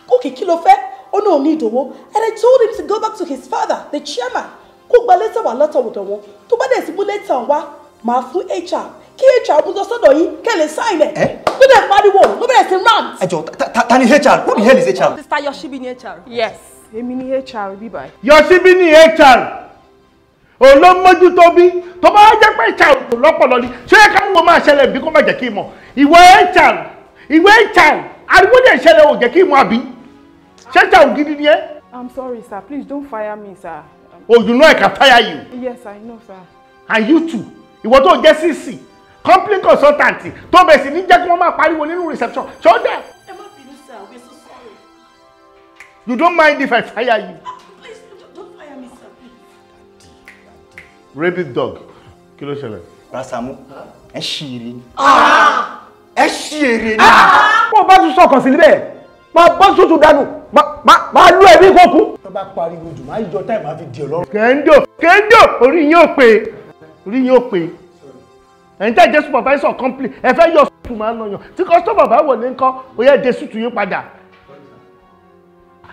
okay kí ló fẹ́ ó náà ní and I told him to go back to his father the chairman kó gba lẹ́tà wà lọ́tọ̀ ọ̀dọ̀ wọn tó bá dẹ̀ sí mú lẹ́tà wá màá fún HR kí HR mú lọ sọ́dọ̀ yín kẹ́lẹ̀ sáìn ẹ̀ tó dẹ̀ pariwo ló bẹ̀rẹ̀ sí rant. ẹ jọ ta ni HR who the hell is HR. Sister Yoshibi ni HR. yes èmi ni HR bíbá. Yoshibi ni HR olómójútó bí To bá jẹ́ pé HR kò lọ́pọ̀lọ́ ni ṣé káwọn máa ṣẹlẹ̀ bí kó má jẹ́ kí n mọ̀ ìwọ HR ìwé HR ariwo dẹ̀ ṣẹlẹ̀ ò jẹ́ kí n mọ àbí ṣẹ́ṣà ògidì ni ẹ́. I'm sorry sir please don't fire me sir. Oh you know I can fire you. Yes I know sir. And you too ìwọ tó jẹ́ sísì complaint consultant tó bẹ̀ sí ní jẹ́ kí wọ́n máa pariwo nínú reception ṣọ́ dẹ̀. Ẹ má bínú sir we so sorry. You don't mind if I fire you. Ah, please don't fire me sir please. Rabid dog kí ló ṣẹlẹ̀. Rasamu ẹ ṣì rí ẹ ṣí èrè ni. bó ah! o bá tún sọkàn sí níbẹ̀ máa bọ́ sótò dànù máa lú ẹ̀mí kó kú. tó bá pariwo jù máa yíjọ táì máa fi di ọlọ́run. kẹ́ńdò kẹ́ńdò orí yín ò pé orí yín ò pé ẹ̀yin tẹ́ jẹ́ supervisor compli ẹ fẹ́ yọ sùtù máa ń lọ yàn tí customer bá wọlé ńkọ́ ó yẹ de sùtù yín padà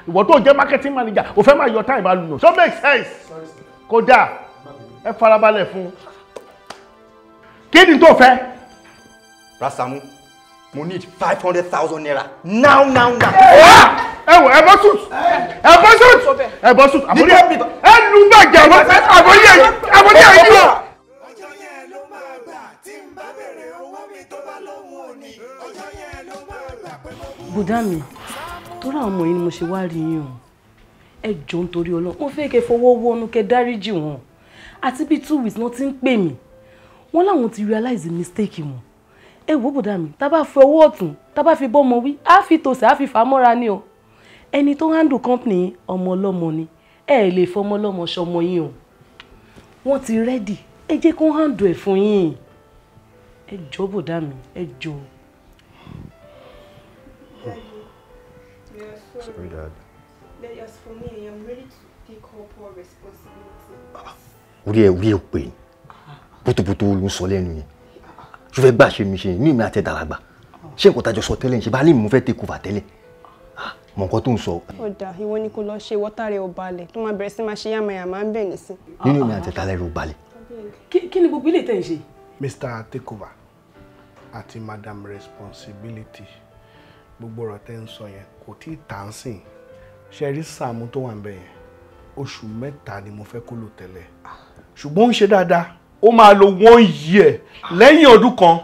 ìwọ tó jẹ́ marketing manager ò fẹ́ máa yọ táì máa lù nù so make sense kódà ẹ farabalẹ̀ fún un kí ni tó fẹ́. rasamu mo need five hundred thousand naira now now now. ẹ wọ ẹ bọ suit ẹ bọ suit ẹ bọ suit àbúrò ẹ lu bàjẹ́ àwọn àbúrò àbúrò yẹn yí o. ọjọ́ yẹn ló máa gbà tí n bá bèrè owó mi tó bá lóhùn òní ọjọ́ yẹn ló máa gbà pé mo bú. bùdá mi torí àwọn ọmọ yìí ni mo ṣe wá rí yín o ẹ jọ̀ọ́ nítorí Ọlọ́run mo fẹ́ kẹ́ fọwọ́ wọnú kẹ́ dáríjì wọn àti bíi two weeks náà ti ń pè mí wọ́n láwọn ti realize mistake wọn ẹ wò bùdá mi tá a bá fi owó ọ̀tún tá a bá fi bọ́mọ wí á fi tòsí á fi fà á mọ́ra ni o ẹni tó handle company ọmọ ọlọ́mọ ni ẹ lè fọmọ ọlọ́mọ ṣọmọ yín o wọ́n ti rẹ́dì ẹ jẹ́ kó handle ẹ̀ fún yín ẹ jọ bùdá mi ẹ jọ. Sorry, Dad. That as for me, I ready to take corporate responsibility. Ah, orí ẹ̀ orí ẹ̀ pè ní. Ah. Bùtùbùtù ló ń sọ lẹ́nu yẹn ṣó fẹ́ gbà ṣe mi ṣe ní èmi àti ẹ̀dá làgbà ṣé nǹkan tájọ sọ tẹ́lẹ̀ ṣe bá lè mú fẹ́ tẹ̀ kófà tẹ́lẹ̀ mọ nǹkan tó ń sọ. ó dà ìwọ ni kò lọ ṣe wọ́tà rẹ̀ ò balẹ̀ tó máa bẹ̀rẹ̀ sí máa ṣe yàmàyàmà ń bẹ̀ nísìn. nínú èmi àti ẹ̀dá lẹ́rù ò balẹ̀. kí ni gbogbo ilé tẹ̀ ń ṣe. Mr. Takeover àti Madam Responsibility gbogbo ọ̀rọ̀ tẹ́ ń sọ yẹn kò tí ì tà ń sìn mo fẹ́ kó lò tẹ́lẹ̀ ah. ṣùgbọ́n ó ó máa lo one year lẹ́yìn ọdún kan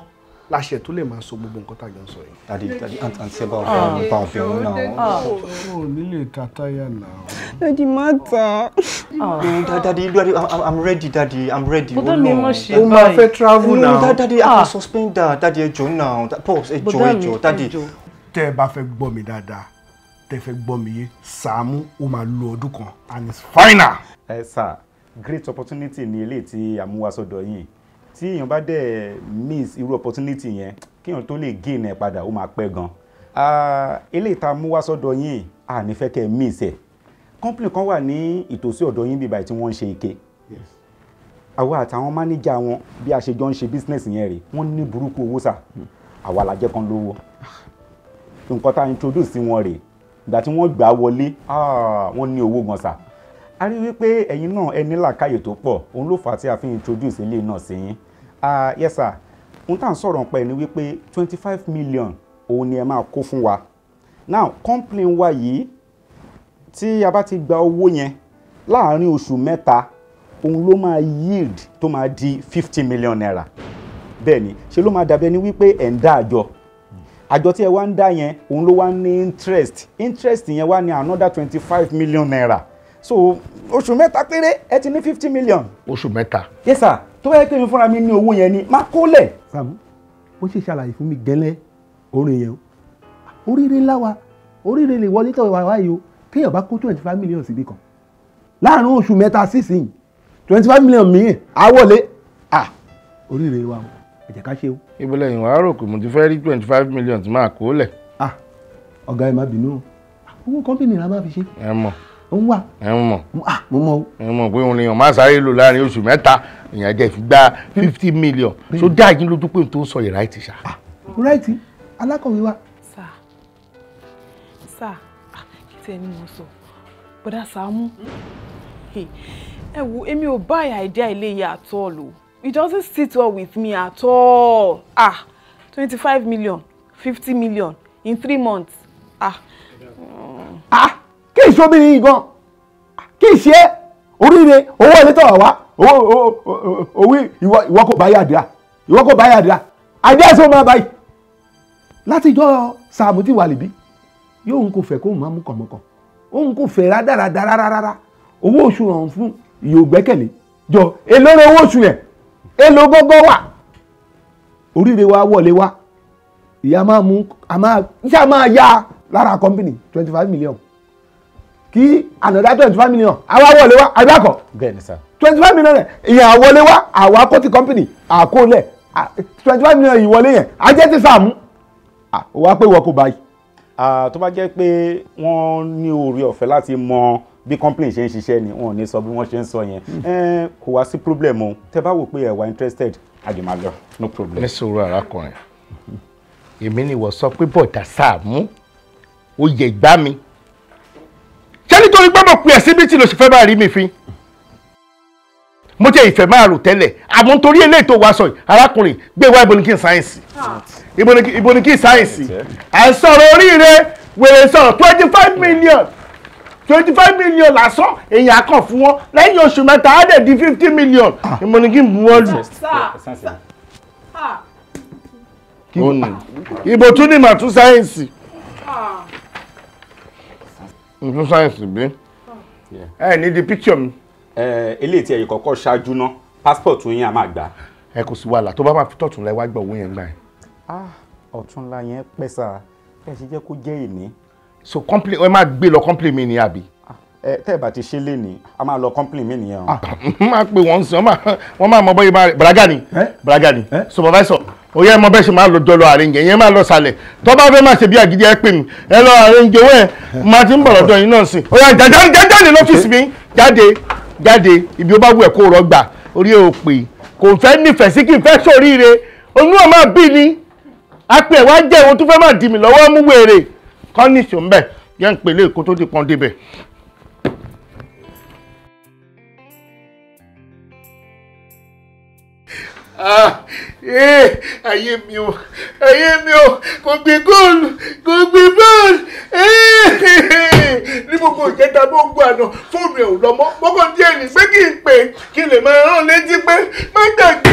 láṣẹ tó lè máa sọ gbogbo nǹkan tá a jọ ń sọ yìí. tàdí tàdí àǹtí àǹtí ṣe bá ọ̀fẹ́ bá ọ̀fẹ́ òun náà. o nílé ta táyà náà. dadi má ta. dadi dadi i'm ready dadi i'm ready. bọ́dọ̀ mi mọ̀ ṣe báyìí. o máa fẹ́ travel now. no dadi i can ah. suspend that dadi ẹjọ now pause ẹjọ ẹjọ dadi. tẹ́ ẹ bá fẹ́ gbọ́ mi dáadáa tẹ́ ẹ fẹ́ gbọ́ mi yé Sàámú ó máa lo ọdún kan and it's final. ẹ sáà great opportunity ni eléyìí tí a mú wá sọ́dọ̀ yín tí èèyàn bá dẹ̀ miss irú opportunity yẹn kéèyàn tó lè gain ẹ̀ padà ó máa pẹ́ gan eléyìí tá a mú wá sọ́dọ̀ yín à ní fẹ́ kẹ́ ẹ miss ẹ̀ company kan wà ní ìtòsí ọ̀dọ̀ yín bíbá tí wọ́n ń ṣe ike àwa àtàwọn mánéjà wọn bí a ṣe jọ ń ṣe business yẹn rè wọ́n ní burúkú owó sà àwa la jẹ́ kan lówó nǹkan tá a introduce sí wọn rè ìgbà tí wọ́n gbà wọlé wọ́n ní owó gan sà a rí wípé ẹ̀yin náà ẹ ní làákàyè tó pọ̀ òun ló fà á tí a fi introduce ilé náà sí yín yes sir ohun tá à ń sọ̀rọ̀ pẹ̀ ni wípé twenty five million òun ni ẹ máa kó fún wa now complain wa yìí tí a bá ti gba owó yẹn láàárín oṣù mẹ́ta òun ló máa yield tó máa di fifty million naira bẹ́ẹ̀ ni ṣe ló máa dàbí ẹni wípé ẹ̀ ń dá àjọ àjọ tí ẹ wá ń dá yẹn òun ló wá ní interest interest yẹn wá ní another twenty five million naira so oṣù mẹ́ta péré ẹ ti ní fifty million. oṣù mẹ́ta. yes sir tó bá yẹ pé mi fúnra mi ní owó yẹn ni má kó lẹ̀. Sàámú ó ṣe ṣàlàyé fún mi gẹ́lẹ́ orin yẹn o oríire ńlá wa oríire lè wọlé tọ̀ wá yìí o kéèyàn bá kó twenty five million síbi kan láàárín oṣù mẹ́ta sísìn twenty five million míì á ah oríire wa o ẹ ká ṣe o. ìbílẹ̀ ìwà rò pé mo ti fẹ́ rí twenty five million tí máa kó lẹ̀. ọ̀gá ẹ̀ má bínú owó kọ́mpìnì la máa fi ṣe. ẹ mọ̀ ó ń wà. ẹ mọ̀ ah, mo mọ̀ o. ẹ mọ̀ pé òun ni ọ̀ma sáré lò láàrin oṣù mẹ́ta èèyàn jẹ́ fi gba fifty million so dá yín lójú pé n tó sọ ìráyè ti ṣá. ìráyè ti alákọ̀wé wa. sà sà ah, kí tiẹ̀ ni mo sọ bọ́dà Sàámú ẹ wo èmi ò bá àìdíà ilé yìí at all it doesn't sit well with me at all ah twenty five million fifty million in three months ah. Mm. ah kì í ṣobìnrin gan kì í ṣe oríire owó ilé tọ̀ wá owó ìwọ kò bá yàdá ìwọ kò bá yàdá àdé àti ọmọ abáyé látijọ́ Sàámú ti wà lẹ́bí yóò ń kò fẹ́ kó máa mú kọ̀mọ̀kọ̀ òun kò fẹ́ rádaràda rárá owó oṣù ràn fún ìyóò gbẹ́kẹ̀lé jọ elóore owó oṣù yẹn èlò gógó wà oríire wa wọlé wa ìyá máa mú a máa ya lára kọ́mpìnì twenty five million kí ànàdá twenty five million àwa wọlé wa àbákọ. bẹ́ẹ̀ni sá. twenty five million rẹ ìyẹn àwọlé wa àwa kọ́tì company àkólẹ̀ twenty five million ìwọlé yẹn ajẹ́ ti sàmú wà pé wọ́n kò báyìí. tó bá jẹ́ pé wọ́n ní oore ọ̀fẹ́ láti mọ bí company ṣe ń ṣiṣẹ́ ni wọn ò ní sọ bí wọ́n ṣe ń sọ yẹn hmm. kò wá sí problem o tẹ bá wò pé ẹ wà interested àjùmọ̀lọ no problem. ní sùúrù arákùnrin èmi ni wọ́n sọ pé bọ̀dà sáà ó yẹ gbá mi nítorí pé mo pè ẹ́ síbi tí lo sì fẹ́ bá rí mi fi mo jẹ́ ìfẹ́ máa rò tẹ́lẹ̀ àmọ́ nítorí eléyìí tó wá sọ yìí arákùnrin gbé wá ibo ni kí n sáyẹ̀nsì ibo ni kí n sáyẹ̀nsì à ń sọ̀rọ̀ oríire wèrè sọ̀rọ̀ twenty five million twenty five million lásán èèyàn kàn fún wọn lẹ́yìn oṣù mẹ́ta á dẹ̀ di fifty million ibo ni lù. ibo tún ni màtún sáyẹ̀nsì nínú sáyẹ̀nsì bí ẹ ní di picture mi. ẹ eh, eléyìí tí ẹ yìí kọ́kọ́ ṣáájú ná passport yín a máa gbà. ẹ eh, kò sí wàhálà tó bá máa fi tọ̀tún láì wá gbọ̀ owó yẹn gbà yẹn. ah ọ̀túnla yẹn pẹ́ sára bẹ́ẹ̀ ṣe jẹ́ kó jẹ́ ìní. so complain ẹ máa gbé lọ complain mi ni àbí ẹ tẹ́ ẹ bá ti ṣe lé ní a máa lọ complain mi nìyẹn o. n ah, máa pe wọn sọ wọn máa mọ bọ́ ibà rẹ̀ braga ni braga ni supervisor oyè mo bẹ́ẹ̀ ṣe máa lọ jọlọ àrẹ̀ǹjẹ̀ yẹn máa lọ sàlẹ̀ tó bá fẹ́ máa ṣe bí àgídí ẹ pè mí ẹ lọ àrẹ̀ǹjẹ̀ owó ẹ máa ti ń bọ̀ lọ́dọ̀ yín náà sí. ó yá jáde jáde lọ́fíìsì mi jáde jáde ibi ó bá wù ẹ́ kó rọ́gbà orí ẹ ò pè kò fẹ́ nífẹ̀ẹ́ sí kí n fẹ́ sóríire onú ọ̀ máa bí ni apẹ̀ wá jẹ́ ohun tó fẹ́ máa dì mí lọ́wọ́ mú wèrè kọ́níṣ Ah, eh, ayé mi o ayé mi o kò gbé góòlù kò gbé bọ́ọ̀lù eh. ní gbogbo ìjẹta gbogbo àná fóònù ẹ̀ ò lọ mọ́ díẹ̀ ní pé kí n pè kí n lè máa rán létí pé má gbàgbé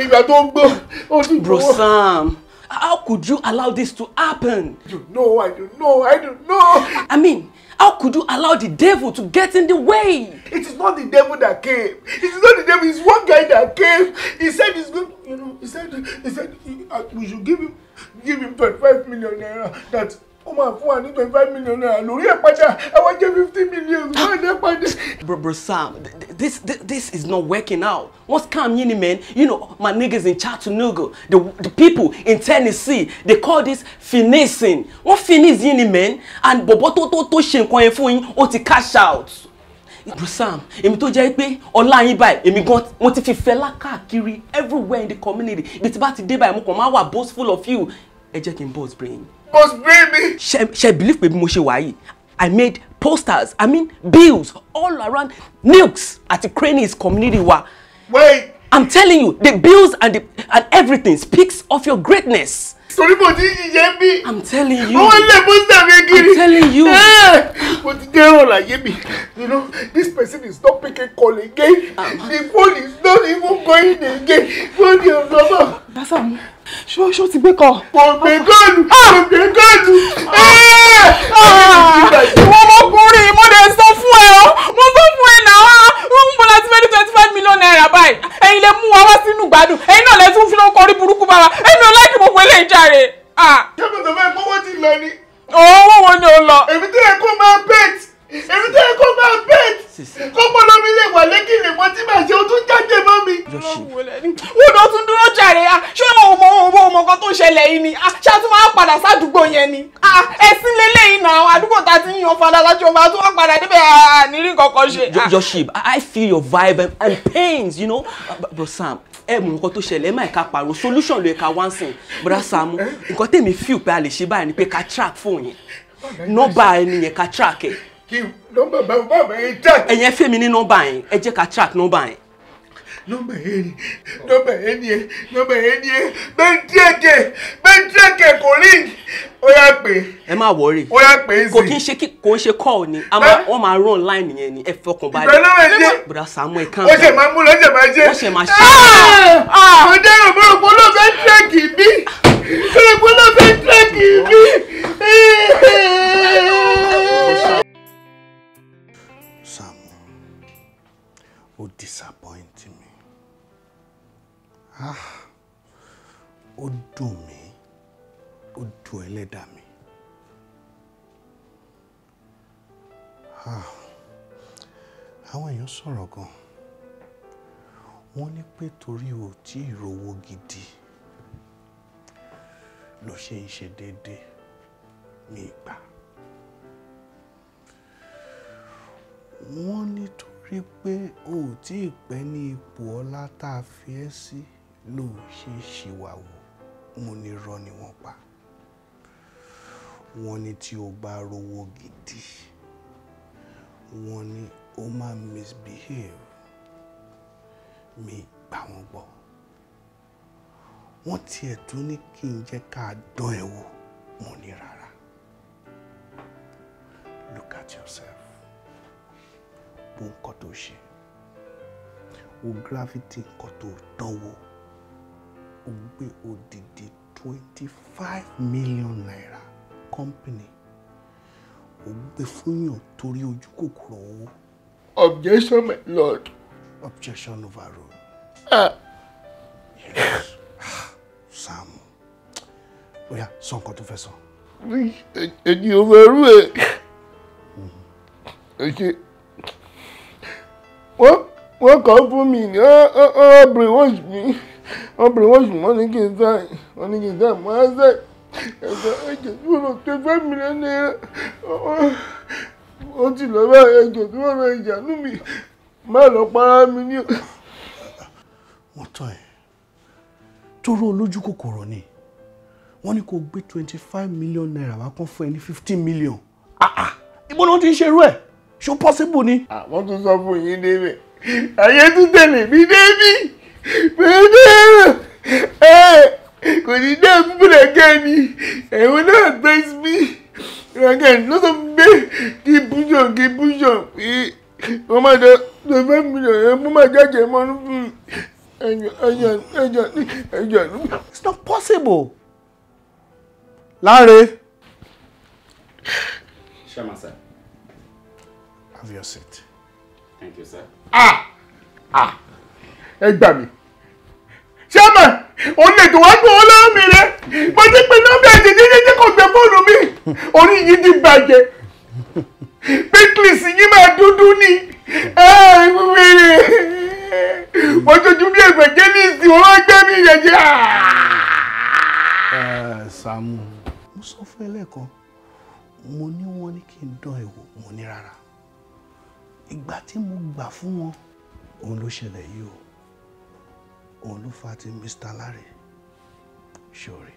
ìgbà tó gbó ó dùn. Bro Sam. How could you allow this to happen? I don't know, I don't know, I don't know. I mean, How could you allow the devil to get in the way? It is not the devil that came. It is not the devil. It's one guy that came. He said he's going. You know. He said. He said he, uh, we should give him give him twenty-five million naira. That ó máa fún wa ní twenty five million naira lórí ẹ̀ padà àwọn jẹ́ fifty million wọ́n ẹ̀ dẹ́ bro sam this, this this is not working out wọ́n scam yín ni man you know my niggas in chattanooga the the people in tennessee they call this finessing wọ́n finesse yín men? and bọ̀bọ̀ tó tó tó ṣe nǹkan yẹn fún yín ó ti cash out bro sam èmi tó jẹ́ pé ọlá yín báyìí èmi gan mo ti fi fẹ́lá káàkiri everywhere in the community ibi tí bá ti dé báyìí mo kàn máa wà boastful of you ẹ jẹ́ kí n burst brain. burst brain mi. ṣe ṣe believe pé bí mo ṣe wà yìí i made posters i mean bills all around nooks àti crannies community wa. wait I'm telling you, the bills and the and everything speaks of your greatness. Torí mo ti ṣiṣẹ́ bí. I'm telling you. Wọ́n lè pósítà mi kiri. I'm telling you. Eh, but ti dé ọ̀la yé mi. You know, this person is not picking call again. Um, the phone is not even going again. Phone dey on number. Basamu, ṣó ṣó ti gbé kọ. Kò gbé góòlù. Kò gbé góòlù. Ìwọ ọmọkùnrin mo lè sọ fún ẹ o mílíọ̀nù náírà báyìí ẹ̀yin lè mú wa wá sínú gbádùn ẹ̀yin náà lè tún fi lọ́wọ́ kọrí burúkú bá wa ẹ̀yin náà láìkí gbogbo eléyìí jàre. Ah. ṣé kò tó fẹ́ kówó ti lọ ni. owó wo ni o lọ. èmi tó yẹ kó máa bẹ́ẹ̀tì èmi tẹ́ ẹ kó máa bẹ́ẹ̀t kó pọ́nlọ́ mi lè wà lẹ́kì lè mọ tí màá ṣe o tún jáde mọ́ mi. wọ́n lọ tún dúró jàre a ah, ṣé òun mọ owó ọmọ kan tó ṣẹlẹ̀ yìí ni ah, ṣé a tún máa padà sádùúgbò yẹn ni ah, ẹ̀sìn lélẹ́yìn náà àdúgbò tá a ti ń yan fada láti ọmọ àti wọn padà débẹ̀ àníní kankan ṣe. Joseph I feel your vibe and, pains you know but Sam ẹ mú nǹkan tó ṣẹlẹ̀ ẹ má ẹ̀ka pààrọ̀ solution ló ẹ̀ka wá sìn bro Sam nǹkan tèmi feel pé a lè ṣe báyìí ni pé ká track fóònù yẹn oh, nọ́ọ̀bà ẹni yẹn ká track ẹ̀ kí nọ́mbà bá bàbá yẹn track. ẹ̀yẹn fẹ́mi ní nọ́mbà yẹn ẹ jẹ́ ká track nọ́mbà yẹn. nọ́mbà yẹn ni nọ́mbà yẹn ni ẹ nọ́mbà yẹn ni ẹ bẹ́ẹ̀ díẹ̀kẹ̀ bẹ́ẹ̀ díẹ̀kẹ̀ kò rí ó yà pé. ẹ má wọrí ó yà pé sí. kò kí n ṣe kò ń ṣe call ni wọ́n máa run line yẹn ni ẹ fọkàn balẹ̀. ìgbà náà ẹ jẹ́ bùrọ̀dá Samuel kan. ó ṣe máa mú lọ ó ṣe máa jẹ́. ó ṣe máa ṣe. Ah! Ah! mo dẹ́rù mo rò pé olóògbé track bí mo rò pé olóògbé bí. ó disappoint me. ah ó dùn mí ó dùn ẹlẹ́dàá mi ah àwọn èèyàn sọ̀rọ̀ gan wọ́n ní pé torí o tí ìrówó gidi ló ṣe ń ṣe déédéé ní ìgbà wọ́n ní tó rí pé o ò tí ì pẹ́ ní ipò ọlá tá a fi ẹ́ sí ló ṣe ṣìwàwò mo ní irọ́ ni wọ́n pa wọ́n ní tí o bá rówó gidi wọ́n ní o máa misbehave mi gbà wọ́n gbọ́ wọ́n tiẹ̀ tún ní kí n jẹ́ ká dán ẹ wò mo ní rárá look at yourself gbogbo nǹkan tó ṣe o gravity nǹkan tó dánwò o gbé odidi twenty five million naira company o gbé fúnyàn torí ojú kòkòrò owó. objection my lord. objection overruled. Ah. Yes. Sam oya sọ nǹkan tó fẹ́ sọ. èyí ò fẹ́ rú ẹ̀. ẹ ṣe wọ́n kọ́ fún mi ní obìnrin wọ́n sì mí obìnrin wọ́n sì mọ́ ní kí n sáì wọ́n ní kí n sáì mọ́ ẹ́ sáì ẹ̀sọ́ ẹ̀jẹ̀ tí wọ́n lọ pé fẹ́mi rẹ̀ ní ó ti lọ bá ẹ̀jẹ̀ tí wọ́n lọ ìjànú mi má lọ para mi ní. wọ́n tán ẹ̀ tóró olójú kòkòrò ni wọ́n ní kó gbé twenty five million naira wá kán fún ẹ ní fifteen million ah, ah. ibo ni wọ́n ti ń ṣerú ẹ̀ ṣó possible ni. àwọn ah, tún sọ fún yín débẹ̀ ayé tún tẹ̀lé mi débí pẹ̀lú kò ní dé búlẹ̀ kẹ́ni ẹ̀wọ̀n náà gbé mi rẹ̀kẹ́ni ló sọ pé kí bújọ kí bújọ pé wọ́n máa jẹ tó fẹ́ mílíọ̀nù yẹn mo máa jáde mọ́nú fún ẹ̀jọ̀ ẹ̀jọ̀ ẹ̀jọ̀ ẹ̀jọ̀. It's not possible. Láre. Ṣé màá sẹ́? Have your seat. Thank you, sir. Ah! Ah! Ẹ gbà mí. Chairman, òun lè tó wá gbọ́ ọ lọ́wọ́ mi rẹ̀. Mo ti pe nọ́mbà ẹ̀jẹ̀ jẹ́jẹ́ kò gbé fóònù mi. Orí yìí ti bàjẹ́. Pickles yìí máa dúdú ni. Mo jojú bí ẹgbẹ̀ jẹ́ ní ìsìn wọn gbẹ́ mi yẹ̀yẹ́. Sàmù, mo sọ fún ẹ lẹ́ẹ̀kan, mo ní wọ́n ní kí n dán ẹ wò, mo ní rárá ìgbà tí mo gbà fún wọn òun ló ṣẹlẹ̀ yìí o òun ló fa ti Mr. larry ṣòre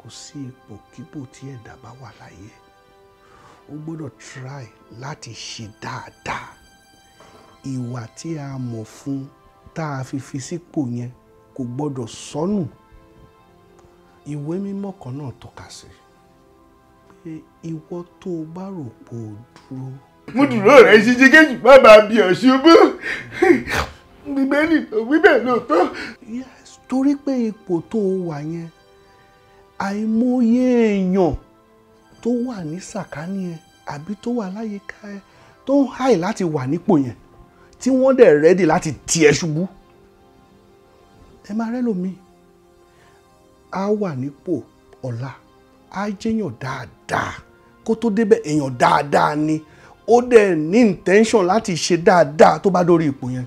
kò sí ipò kípò tí ẹ̀dá bá wà láyé ó gbọ́dọ̀ try láti ṣe dáadáa ìwà tí a mọ̀ fún tá a fi fi sípò yẹn kò gbọ́dọ̀ sọnù ìwé mímọ́ kan náà tọ́ka sí pé ìwọ tó o bá rò pé dúró mú dúró rẹ̀ ṣíṣe kéjì má bàa bí ọ̀ ṣubú gbígbé nìlò wíbẹ̀ lóòótọ́. torí pé ipò tó wà yẹn àìmọye èèyàn tó wà ní sàkání ẹ àbí tó wà láyìíká ẹ tó ń háì láti wà nípò yẹn tí wọ́n dẹ̀ rẹ́dì láti tì ẹ́ ṣubú ẹ máa rẹ́ lómi á wà nípò ọ̀la á jẹ́yàn dáadáa kó tó débẹ̀ èèyàn dáadáa ni ó dẹ̀ ní intention láti ṣe dáadáa tó bá dórí ipò yẹn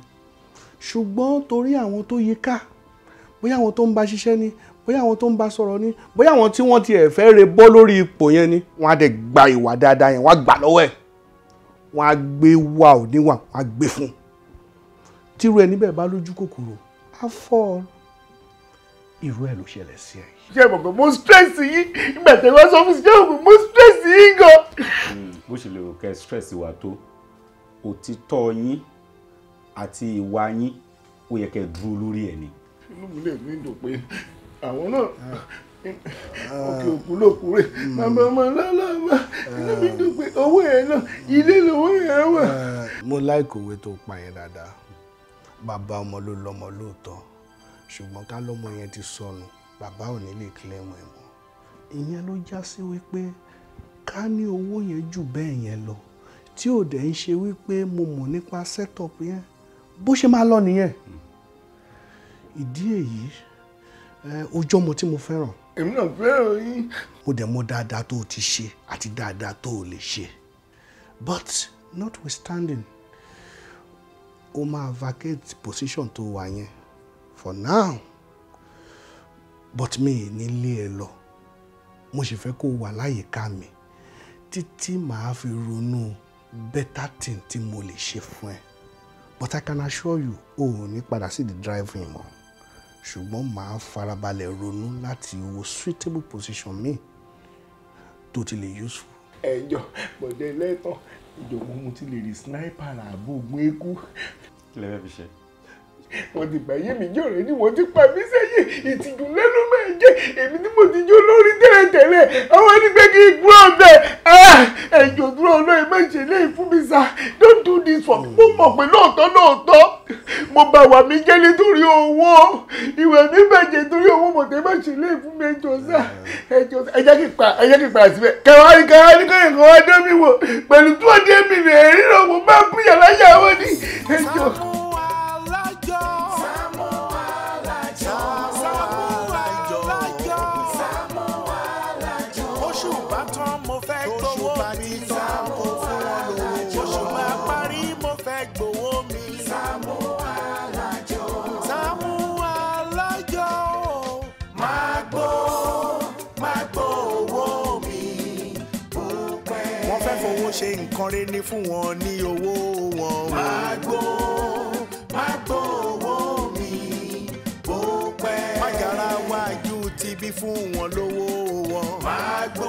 ṣùgbọ́n torí àwọn tó yí ká bóyá àwọn tó ń bá ṣiṣẹ́ ni bóyá àwọn tó ń bá sọ̀rọ̀ ni bóyá àwọn tí wọ́n ti ẹ̀ fẹ́ re bọ́ lórí ipò yẹn ni wọ́n á dẹ̀ gba ìwà dáadáa yẹn wọ́n á gbà lọ́wọ́ ẹ̀ wọ́n á gbé wà ò níwà wọ́n á gbé fún un tírú ẹ níbẹ̀ bá lójú kòkòrò á fọ́ ọ irú ẹ ló ṣẹlẹ̀ sí ẹ. ṣé mo gbọ́ mo stress yín ìgbà tẹ̀wé sọ́fíìsì ṣé mo gbọ́ mo stress yín gan. Hmm bó ṣe lè rò kẹ́ stress wa tó òtítọ́ yín àti ìwà yín ó yẹ kẹ́ dúró lórí ẹ̀ ni. inú mi lè ní ìdò pé àwọn náà ah. òkè òkú ló kúrè màmá ọmọ lọ́lọ́mọ inú mi ah. dùn pé owó yẹn náà ilé lówó yẹn wà. Ah. mo láìkò òwe tó pa yẹn dáadáa bàbá ọmọ ló lọmọ lóòótọ́ ṣùgbọ́n ká lọ́mọ yẹn ti sọnù bàbá ò ní lè kílẹ̀ mọ́ ẹ̀ mọ́ ìyẹn ló já sí wípé ká ní owó yẹn jù bẹ́ẹ̀ yẹn lọ tí ò dẹ̀ ń ṣe wípé mo mọ̀ nípa setup yẹn bó ṣe máa lọ nìyẹn ìdí èyí ojú ọmọ tí mo fẹ́ràn. èmi náà fẹ́ràn yín. mo dẹ̀ mọ dáadáa tó o ti ṣe àti dáadáa tó o lè ṣe but notwithstanding o máa vacate position tó wà yẹn for now but me, ì nílé ẹ lọ mo sì fẹ́ kó o wà láyìíká mi títí màá fi ronú better thing tí mo lè ṣe fún ẹ but I can assure you o ò ní padà sí the driving mọ́ ṣùgbọ́n màá farabalẹ̀ ronú láti wo suitable position mi tó ti lè useful. ẹjọ bọdẹ lẹtọ ìjọba mo ti lè rí sniper àbógun eku. kí lè fẹ́ fi ṣe mo ti gbà yé mi jọ rẹ ni wọ́n ti pa mí sẹ́yìn ìtìjú lẹ́nu máa jẹ èmi ni mo ti jó lórí tẹ́lẹ̀tẹ́lẹ̀ àwọn nígbẹ́ kí n gbọ́ ọbẹ̀ ah, ẹ̀jọ̀ dúró olóyè má ṣe lè fún mi sá don't do this for me mo mọ̀ pé lóòótọ́ lóòótọ́ mo bá wà mí jẹ́ nítorí owó ìwà mi bàjẹ́ torí owó mo tẹ́ má ṣe lè fún mi ẹjọ́ sá ẹjọ́ sá ẹjẹ́ kí pa ẹjẹ́ kí pa síbẹ̀ kẹwàá kẹwàá ní kẹyìn kan wá dé mi wò pẹ̀lú tó dé mi rẹ̀ ríran mo máa búyà láyà wọn ni ẹjọ́. ní fún wọn ní owó wọn. Magbo Magbo owó mi bó pẹ́. Má yàrá wájú ti bí fún wọn lówó wọn. Magbo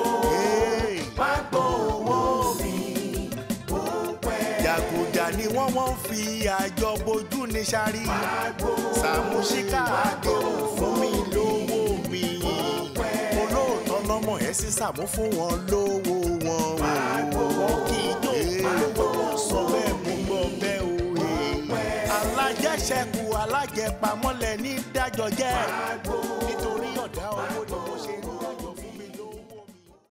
Magbo owó mi bó pẹ́. Jàgùjà ni wọ́n wọ́n fi àjọ bojú ní sáré. Magbo Magbo owó mi. Sàmúsíkà àdéhùn ọmọ ẹ̀ sì sàmú fún wọn lówó wọn o. wọ́n kì í pàgbó sọ bẹ́ẹ̀ mú gbọ́ bẹ́ẹ̀ o. alájẹṣẹ́kù alájẹpamọ́lẹ̀ ní dájọ́ jẹ́ nítorí ọ̀dá owó dọ̀.